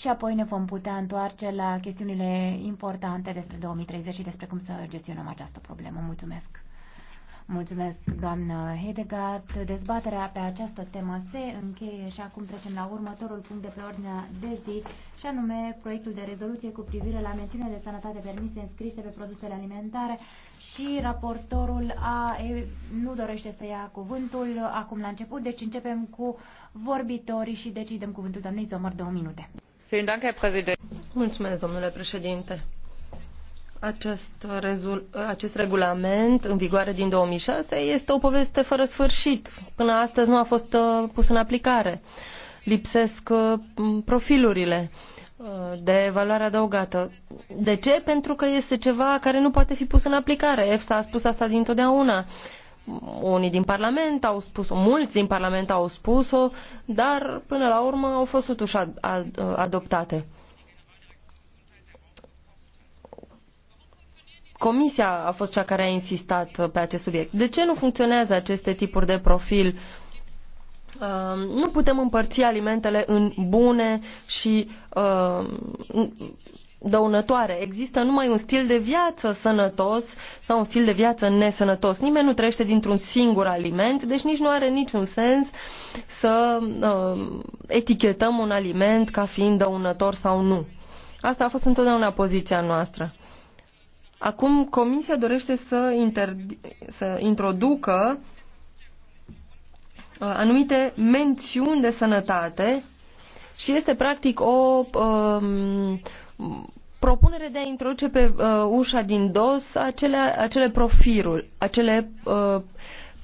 și apoi ne vom putea întoarce la chestiunile importante despre 2030 și despre cum să gestionăm această problemă. Mulțumesc! Mulțumesc, doamnă Hedegat. Dezbaterea pe această temă se încheie și acum trecem la următorul punct de pe ordinea de zi, și anume proiectul de rezoluție cu privire la mențiunea de sănătate permise înscrise pe produsele alimentare și raportorul a, e, nu dorește să ia cuvântul acum la început, deci începem cu vorbitorii și decidem cuvântul doamnei Zomăr două minute. Mulțumesc, domnule președinte. Acest, regulament în vigoare din șase este o poveste fără sfârșit. Până astăzi nu a fost uh, pus în aplicare. Lipsesc uh, profilurile uh, de valoare adăugată. De ce? Pentru că este ceva care nu poate fi pus în aplicare. EFSA a spus asta dintotdeauna unii din Parlament au spus-o, mulți din Parlament au spus-o, dar până la urmă au fost totuși ad, ad, adoptate. Comisia a fost cea care a insistat pe acest subiect. De ce nu funcționează aceste tipuri de profil? Um, nu putem împărți alimentele în bune și um, dăunătoare. Există numai un stil de viață sănătos sau un stil de viață nesănătos. Nimeni nu trăiește dintr-un singur aliment, deci nici nu are niciun sens să uh, etichetăm un aliment ca fiind dăunător sau nu. Asta a fost întotdeauna poziția noastră. Acum Comisia dorește să, să introducă uh, anumite mențiuni de sănătate și este practic o, uh, propunere de a introduce pe uh, ușa din dos acele, acele profiluri, acele uh,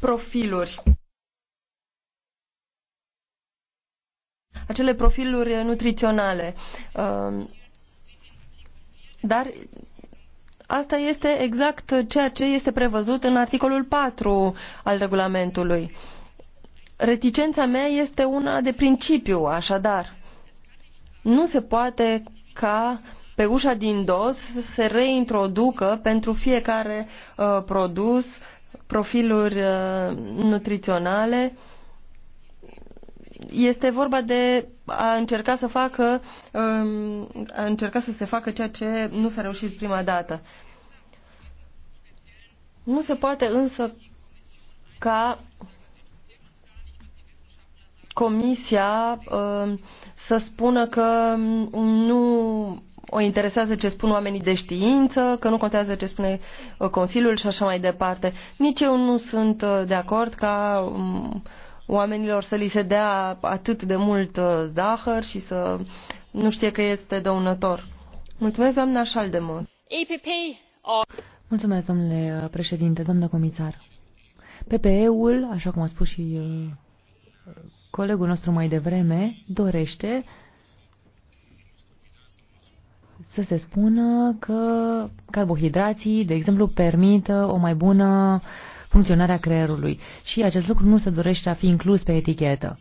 profiluri. acele profiluri nutriționale. Uh, dar asta este exact ceea ce este prevăzut în articolul 4 al regulamentului. Reticența mea este una de principiu, așadar. Nu se poate ca pe ușa din dos să se reintroducă pentru fiecare uh, produs profiluri uh, nutriționale. Este vorba de a încerca să facă uh, a încerca să se facă ceea ce nu s-a reușit prima dată. Nu se poate însă ca comisia uh, să spună că mm, nu o interesează ce spun oamenii de știință, că nu contează ce spune uh, Consiliul și așa mai departe. Nici eu nu sunt uh, de acord ca mm, oamenilor să li se dea atât de mult uh, zahăr și să nu știe că este dăunător. Mulțumesc, doamna Șaldemon. EPP. Mulțumesc, domnule președinte, domnule comisar. PPE-ul, așa cum a spus și colegul nostru mai devreme dorește să se spună că carbohidrații, de exemplu, permit o mai bună funcționare a creierului și acest lucru nu se dorește a fi inclus pe etichetă.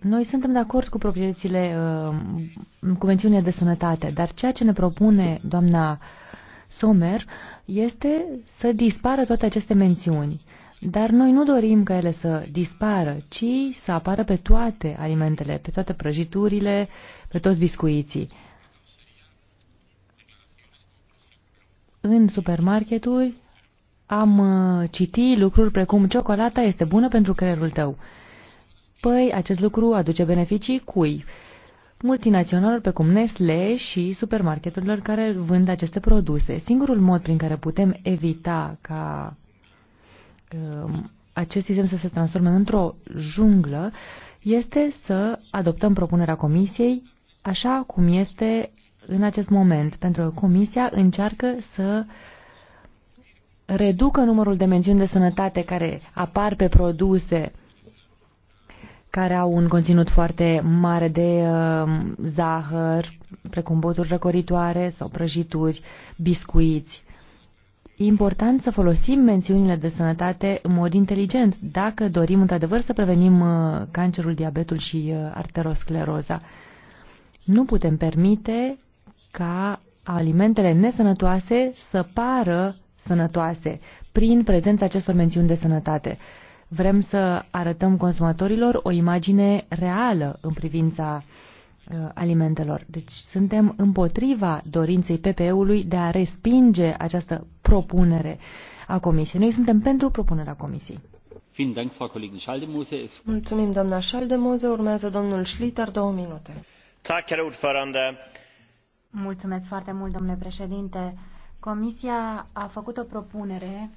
Noi suntem de acord cu proprietățile, uh, cu mențiunea de sănătate, dar ceea ce ne propune doamna Sommer este să dispară toate aceste mențiuni. Dar noi nu dorim ca ele să dispară, ci să apară pe toate alimentele, pe toate prăjiturile, pe toți biscuiții. În supermarketuri am uh, citit lucruri precum ciocolata este bună pentru creierul tău. Păi, acest lucru aduce beneficii cui? multinaționalelor precum Nestle și supermarketurilor care vând aceste produse. Singurul mod prin care putem evita ca Um, acest sistem să se transforme într-o junglă este să adoptăm propunerea Comisiei așa cum este în acest moment, pentru că Comisia încearcă să reducă numărul de mențiuni de sănătate care apar pe produse care au un conținut foarte mare de um, zahăr, precum boturi răcoritoare sau prăjituri, biscuiți. E important să folosim mențiunile de sănătate în mod inteligent, dacă dorim într-adevăr să prevenim uh, cancerul, diabetul și uh, arteroscleroza. Nu putem permite ca alimentele nesănătoase să pară sănătoase prin prezența acestor mențiuni de sănătate. Vrem să arătăm consumatorilor o imagine reală în privința uh, Uh, alimentelor. Deci suntem împotriva dorinței PPE-ului de a respinge această propunere a Comisiei. Noi suntem pentru propunerea Comisiei. Mulțumim, doamna Schaldemose. Urmează domnul Schlitter, două minute. Mulțumesc foarte mult, domnule președinte. Comisia a făcut o propunere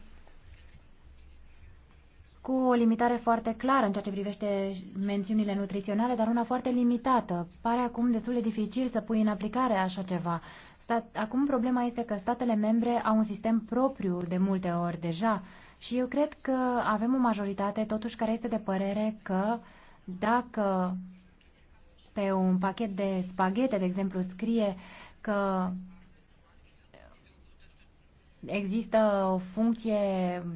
cu o limitare foarte clară în ceea ce privește mențiunile nutriționale, dar una foarte limitată. Pare acum destul de dificil să pui în aplicare așa ceva. Stat... Acum problema este că statele membre au un sistem propriu de multe ori deja și eu cred că avem o majoritate totuși care este de părere că dacă pe un pachet de spaghete, de exemplu, scrie că există o funcție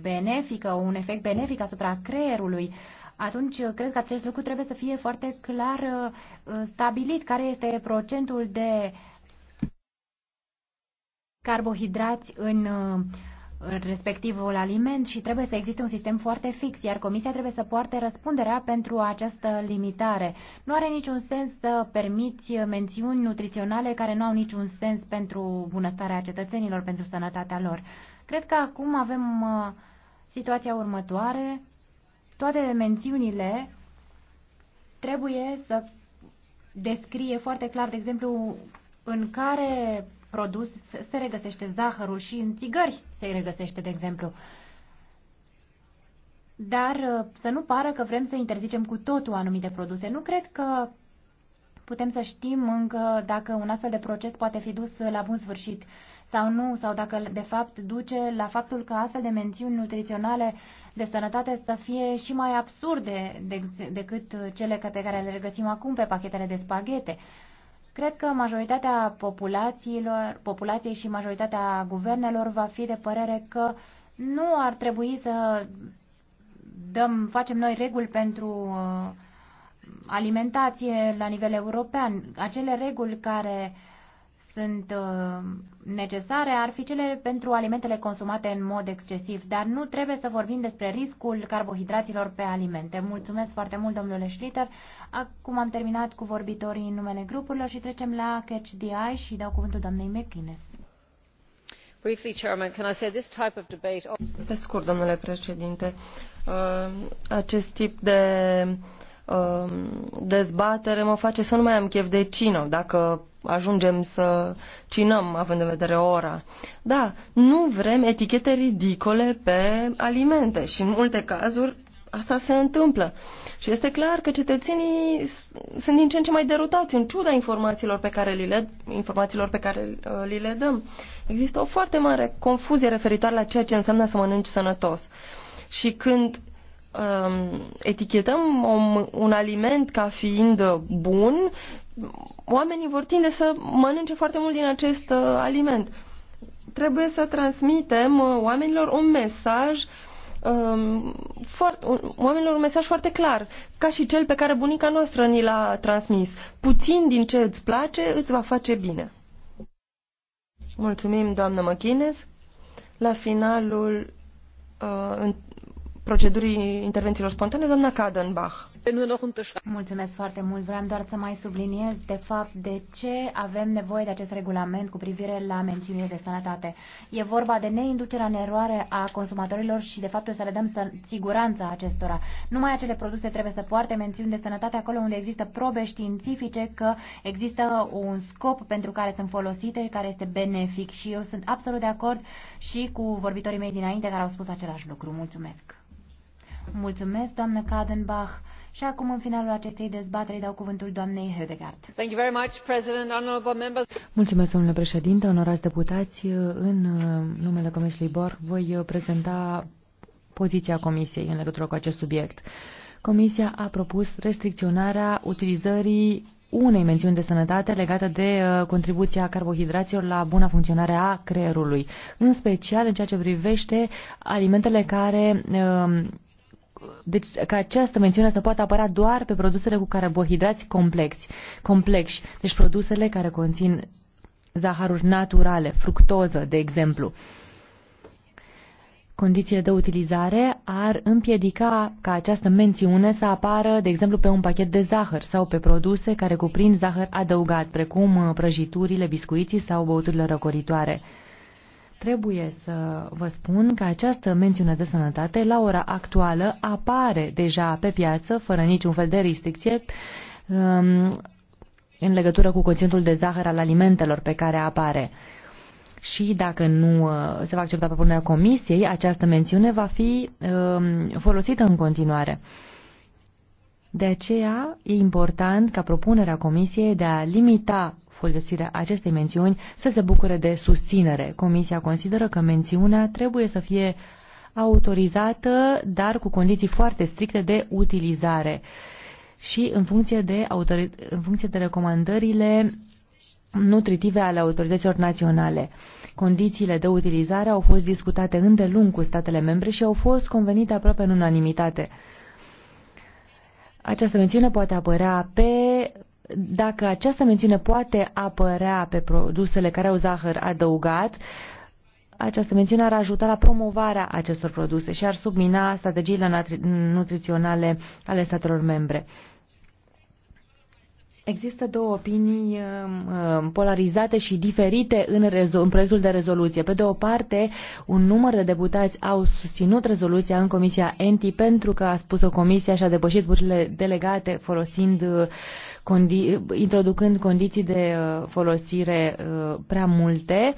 benefică, un efect benefic asupra creierului, atunci cred că acest lucru trebuie să fie foarte clar uh, stabilit, care este procentul de carbohidrați în uh, respectivul aliment și trebuie să existe un sistem foarte fix, iar Comisia trebuie să poarte răspunderea pentru această limitare. Nu are niciun sens să permiți mențiuni nutriționale care nu au niciun sens pentru bunăstarea cetățenilor, pentru sănătatea lor. Cred că acum avem uh, situația următoare. Toate mențiunile trebuie să descrie foarte clar, de exemplu, în care produs se regăsește zahărul și în țigări se regăsește, de exemplu. Dar uh, să nu pară că vrem să interzicem cu totul anumite produse. Nu cred că putem să știm încă dacă un astfel de proces poate fi dus la bun sfârșit sau nu, sau dacă de fapt duce la faptul că astfel de mențiuni nutriționale de sănătate să fie și mai absurde decât cele pe care le regăsim acum pe pachetele de spaghete. Cred că majoritatea populațiilor, populației și majoritatea guvernelor va fi de părere că nu ar trebui să dăm, facem noi reguli pentru uh, alimentație la nivel european. Acele reguli care uh, sunt uh, necesare ar fi cele pentru alimentele consumate în mod excesiv, dar nu trebuie să vorbim despre riscul carbohidraților pe alimente. Mulțumesc foarte mult, domnule Schlitter. Acum am terminat cu vorbitorii în numele grupurilor și trecem la Catch the Eye și dau cuvântul doamnei debate... Pe scurt, domnule președinte, uh, acest tip de uh, dezbatere mă face să nu mai am chef de cină. Dacă ajungem să cinăm, având în vedere ora. Da, nu vrem etichete ridicole pe alimente și în multe cazuri asta se întâmplă. Și este clar că cetățenii sunt din ce în ce mai derutați în ciuda informațiilor pe care li le, informațiilor pe care uh, li le dăm. Există o foarte mare confuzie referitoare la ceea ce înseamnă să mănânci sănătos. Și când Um, etichetăm un, un aliment ca fiind bun, oamenii vor tinde să mănânce foarte mult din acest uh, aliment. Trebuie să transmitem uh, oamenilor un mesaj um, foarte, un, oamenilor un mesaj foarte clar, ca și cel pe care bunica noastră ni l-a transmis. Puțin din ce îți place îți va face bine. Mulțumim, doamnă McGuinness. La finalul uh, procedurii intervențiilor spontane, doamna Kadenbach. Mulțumesc foarte mult. Vreau doar să mai subliniez, de fapt, de ce avem nevoie de acest regulament cu privire la mențiunile de sănătate. E vorba de neinducerea în eroare a consumatorilor și, de fapt, să le dăm siguranța acestora. Numai acele produse trebuie să poarte mențiuni de sănătate acolo unde există probe științifice că există un scop pentru care sunt folosite, care este benefic și eu sunt absolut de acord și cu vorbitorii mei dinainte care au spus același lucru. Mulțumesc! Mulțumesc, doamnă Kadenbach. Și acum, în finalul acestei dezbateri, dau cuvântul doamnei Hedegaard. Thank you very much, President, honorable members. Mulțumesc, domnule președinte, onorați deputați. În uh, numele Comisiei Bor voi uh, prezenta poziția Comisiei în legătură cu acest subiect. Comisia a propus restricționarea utilizării unei mențiuni de sănătate legată de uh, contribuția carbohidraților la buna funcționare a creierului, în special în ceea ce privește alimentele care deci că această mențiune să poată apăra doar pe produsele cu carbohidrați complexi, complexi, deci produsele care conțin zaharuri naturale, fructoză, de exemplu. Condițiile de utilizare ar împiedica ca această mențiune să apară, de exemplu, pe un pachet de zahăr sau pe produse care cuprind zahăr adăugat, precum uh, prăjiturile, biscuiții sau băuturile răcoritoare. Trebuie să vă spun că această mențiune de sănătate la ora actuală apare deja pe piață, fără niciun fel de restricție, um, în legătură cu conținutul de zahăr al alimentelor pe care apare. Și dacă nu uh, se va accepta propunerea comisiei, această mențiune va fi um, folosită în continuare. De aceea e important ca propunerea comisiei de a limita folosirea acestei mențiuni să se bucure de susținere. Comisia consideră că mențiunea trebuie să fie autorizată, dar cu condiții foarte stricte de utilizare și în funcție de, în funcție de recomandările nutritive ale autorităților naționale. Condițiile de utilizare au fost discutate îndelung cu statele membre și au fost convenite aproape în unanimitate. Această mențiune poate apărea pe dacă această mențiune poate apărea pe produsele care au zahăr adăugat, această mențiune ar ajuta la promovarea acestor produse și ar submina strategiile nutriționale ale statelor membre. Există două opinii um, um, polarizate și diferite în, în proiectul de rezoluție. Pe de o parte, un număr de deputați au susținut rezoluția în Comisia ENTI pentru că a spus-o Comisia și a depășit puterile delegate folosind, uh, condi, introducând condiții de uh, folosire uh, prea multe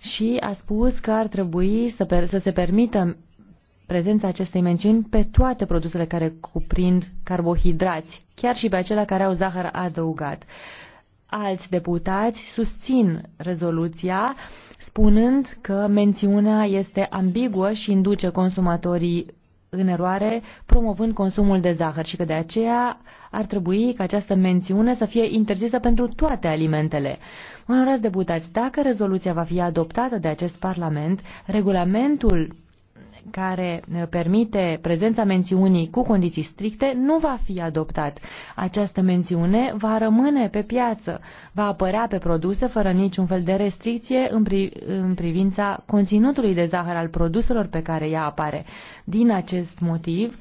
și a spus că ar trebui să, per, să se permită prezența acestei mențiuni pe toate produsele care cuprind carbohidrați, chiar și pe acelea care au zahăr adăugat. Alți deputați susțin rezoluția spunând că mențiunea este ambiguă și induce consumatorii în eroare, promovând consumul de zahăr și că de aceea ar trebui ca această mențiune să fie interzisă pentru toate alimentele. Onorați deputați, dacă rezoluția va fi adoptată de acest Parlament, regulamentul care uh, permite prezența mențiunii cu condiții stricte nu va fi adoptat. Această mențiune va rămâne pe piață, va apărea pe produse fără niciun fel de restricție în, pri- în privința conținutului de zahăr al produselor pe care ea apare. Din acest motiv,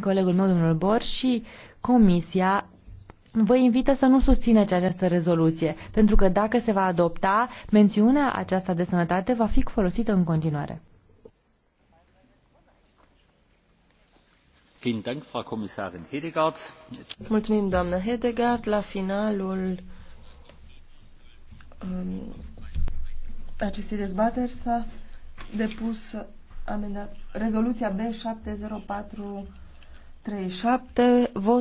colegul meu, domnul Bor, și Comisia vă invită să nu susțineți această rezoluție, pentru că dacă se va adopta, mențiunea aceasta de sănătate va fi folosită în continuare. Mulțumim, doamnă Hedegaard. La finalul um, acestei dezbateri s-a depus amenda, rezoluția B7047. Vot